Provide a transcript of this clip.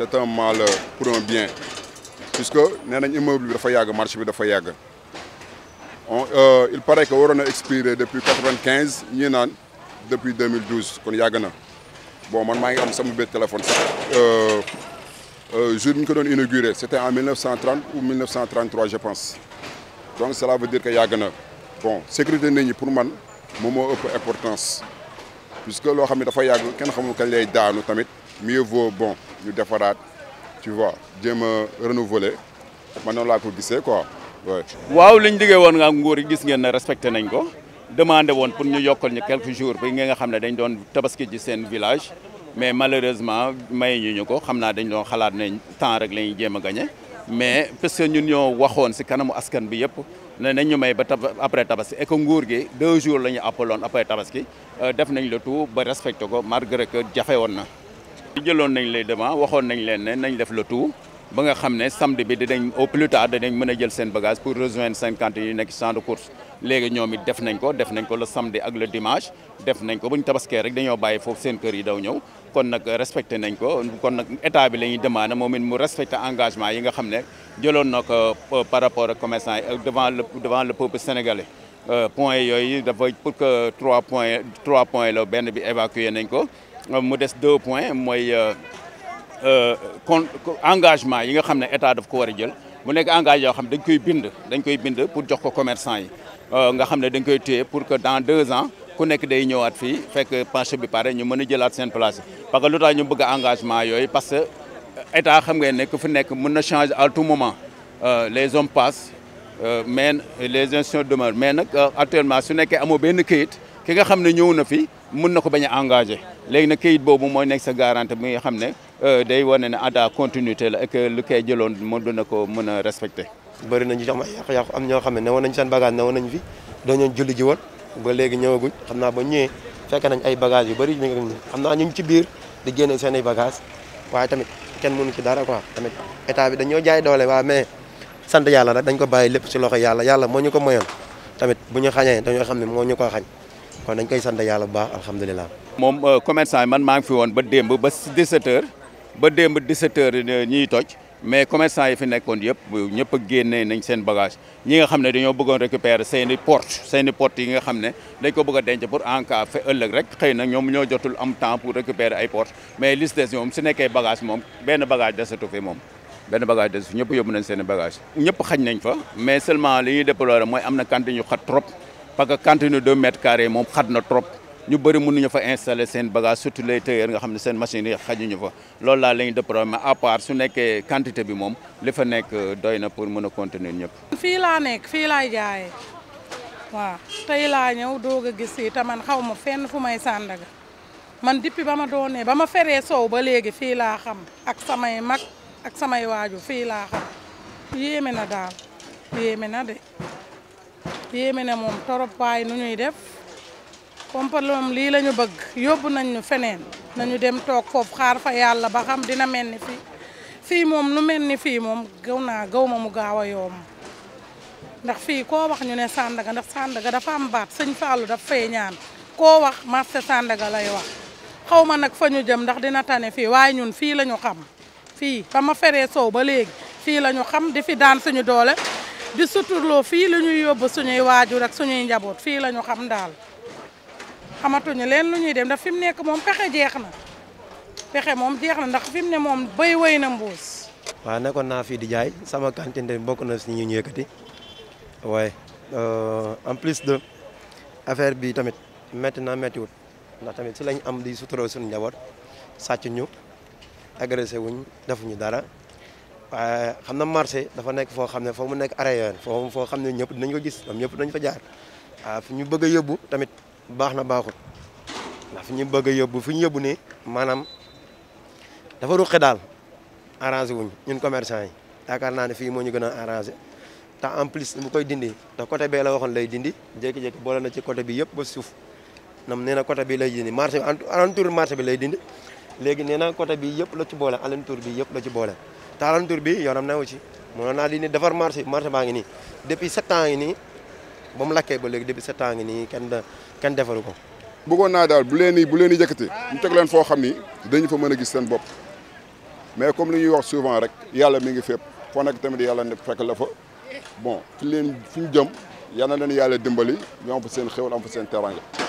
c'est un mal pour un bien puisque avons un immeuble de Fayaga marché de dafa euh, il paraît que a expiré depuis 1995, depuis 2012 kon a na bon man maa ngi am sama Le téléphone Le euh, euh, jour où nous ko inauguré c'était en 1930 ou 1933 je pense donc cela veut dire que a na bon sécurité est pour moi, moom importance puisque nous avons ne dafa de kenn nous avons lay daanu mieux vaut bon ñu défarat tu vois djema renouveler man noonu laa ko gisee quoi oui. waaw liñ liggé won nga ngor yi gis ngeen ne respecté nañ ko demandé won pour ñu yokal ñu quelques jours bi nga xamné dañ doon tabaski ci sen village mais malheureusement may ñu ñuko xamna dañ doon xalaat né temps rek lañu djema gagner mais parce que ñun ñoo waxoon si kanamu askan bi yépp ne nañu may ba après tabaski et que nguur gi deux jours lañu ñu après tabaski euh, def nañ le tout ba respecté ko malgré que jafé woon na. jëloon nañ les devant waxoon nañ leen ne nañ def le tout ba nga xam ne samedi bi dinañ au plus tard dinañ mën a jël seen bagage pour rejoindre seen cantine yi nekk champ de course léegi ñoom it def nañ ko def nañ ko le samedi ak le dimanche def nañ ko bu ñu tabaskee rek dañoo bàyyi foofu seen kër yi daw ñëw kon nag respecté nañ ko kon nag état bi la ñuy demandé moom it mu respecté engagement yi nga xam ne jëloon na ko euh, par rapport ak commerçant yi euh, devant le devant le peuple euh, point yooyu dafa pour que trois points trois points la benn bi évacué nañ ko Euh, mu des deux points mooy euh, euh, con engagement yi nga xamné état daf ko wara jël mu nek engagement yo xam dañ koy bind dañ koy bind pour jox ko commerçant yi euh, nga xamné dañ koy téye pour que dans deux ans ku nek day ñëwaat fi fekk marché bi paré ñu mëna jëlat sen place parce que lu ñu bëgg engagement yoy parce que état xam ngeen nek fu nek mëna changer à tout moment euh, les hommes passent euh, mais les institutions demeurent mais nag actuellement su nekkee amo ben këyit ki nga xamné ñëw na fi. mën na ko bañ a engagé léegi nag kayit boobu mooy nekk sa garantie bi nga xam ne euh, day wane ne ada continuité la ak lu koy jëloon moom dina ko mën a respecté. bëri nañu jox ma yàqu-yàqu am ñoo xam ne newoon nañ seen bagage newoon nañ fi doo julli ji woon ba léegi ñëwaguñ xam naa ba ñëwee fekk nañ ay bagage yu bëri xam naa ñu ngi ci biir di génne seen ay bagage waaye tamit kenn mënu ci dara ko am tamit état bi dañoo jaay doole waa mais sant yàlla rek dañ ko bàyyi lépp ci loxo yàlla yàlla moo ñu ko moyoon tamit bu ñu xañee dañoo xam ne moo ñu ko xañ kon dañ koy sant yàlla bu baax alhamdulilah. moom euh, commerçant yi man maa ngi fi woon ba démb ba 17h ba démb 17h euh, ñiy toj mais commerçant yi fi nekkoon yëpp ñëpp génne nañ seen bagage ñi nga xam ne dañoo bëggoon récupérer seen i porte seen porte yi nga xam ne dañ ko bëgg en cas fa ëllëg rek xëy na ñoom ñoo jotul am pour ay porte mais liste des moom su nekkee bagage moom benn bagage desatu fi moom. benn bagage des fi ñëpp yóbbu nañ seen i bagage ñëpp xañ nañ fa mais seulement li ñuy mooy am na cantine yu xat trop. parce que cantine deux mètres carrés moom xat na trop ñu bëri ñu fa installer seen bagage surtout les tailleurs nga xam ne seen machine yi ñu fa loolu laa la ñu de problème à part su nekkee quantité bi moom li fa nekk euh, doy na pour mën a contenir ñëpp. fii laa nekk fii laay jaayee waaw tey laa ñëw doog a gis fii te man xaw ma fenn fu may Sandaga man depuis ba ma doonee ba ma feree soow ba léegi fii laa xam ak samay mag ak samay waaju fii laa xam yéeme na daal yéeme na de. yéeme ne moom torop waay nu ñuy def comme par moom lii lañu bëgg yóbbu nañ ñu feneen nañu dem toog foofu xaar fa yàlla ba xam dina mel ni fii moom nu mel ni fii moom gaw naa gaw ma mu gaaw a yoom ndax fii ko wax ñu ne Sandaga ndax sàndaga dafa am baat sëñ Fallou daf fay ñaan koo wax marché sàndaga lay wax xawma nag fa ñu jëm ndax dina tane fii waay ñun fii lañu ñu xam fii ba ma feree sow ba léegi fii lañu xam difi daan suñu doole di suturloo fii la ñuy yóbbu suñuy waajur ak suñuy njaboot fii la ñu xam daal xamatuñu leen lu ñuy dem ndax fi mu nekk moom pexe jeex pexe moom jeex na ndax fi mu ne moom béy wéy na mbuus. waa nekkoon naa fii di jaay sama cantine tamit bokk na si ñu ñu yëkkati waaye euh, en plus de affaire bi tamit métti na méttiwut ndax tamit si lañ am di suturoo suñu njaboot sàcc ñu wuñ defuñu dara. waaye euh, xam na marché dafa nekk foo xam ne foo mu nekk arrêt foo foo xam ne ñëpp dinañ ko gis ñoom ñëpp dinañ fa jaar waaw euh, fi ñu bëgg a tamit baax na baaxul ndax fi ñu bëgg a yóbbu fi ñu yóbbu nii maanaam dafa ruqe daal arrangé wuñ ñun commerçant yi yaakaar naa ne fii moo ñu gën a arrangé te en plus mu koy dindi te côté bee la waxoon lay dindi jékki-jékki boole na ci côté bi yëpp ba suuf nam nee na côté bi lay dindi marché bi alentour marché bi lay dindi léegi nee naa côté bi yëpp la ci boole alentour bi yëpp la ci boole te alentour bi yoonam na aussi mënoon naa li ni defar marché marché baa ngi nii depuis sept ans ngi nii ba mu lakkee ba léegi depuis sept ans ngi nii kenn kenn defaru ko bëggoon naa daal bu leen i bu leen i yëkkate ñu teg leen foo xam ni dañu fa mën a gis seen bopp mais comme li ñuy wax souvent rek yàlla mi ngi fépp foo nekk tamit yàlla ne fekk la fa bon fi leen fi ñu jëm yal na leen yàlla dimbali ñu am fa seen xew am fa seen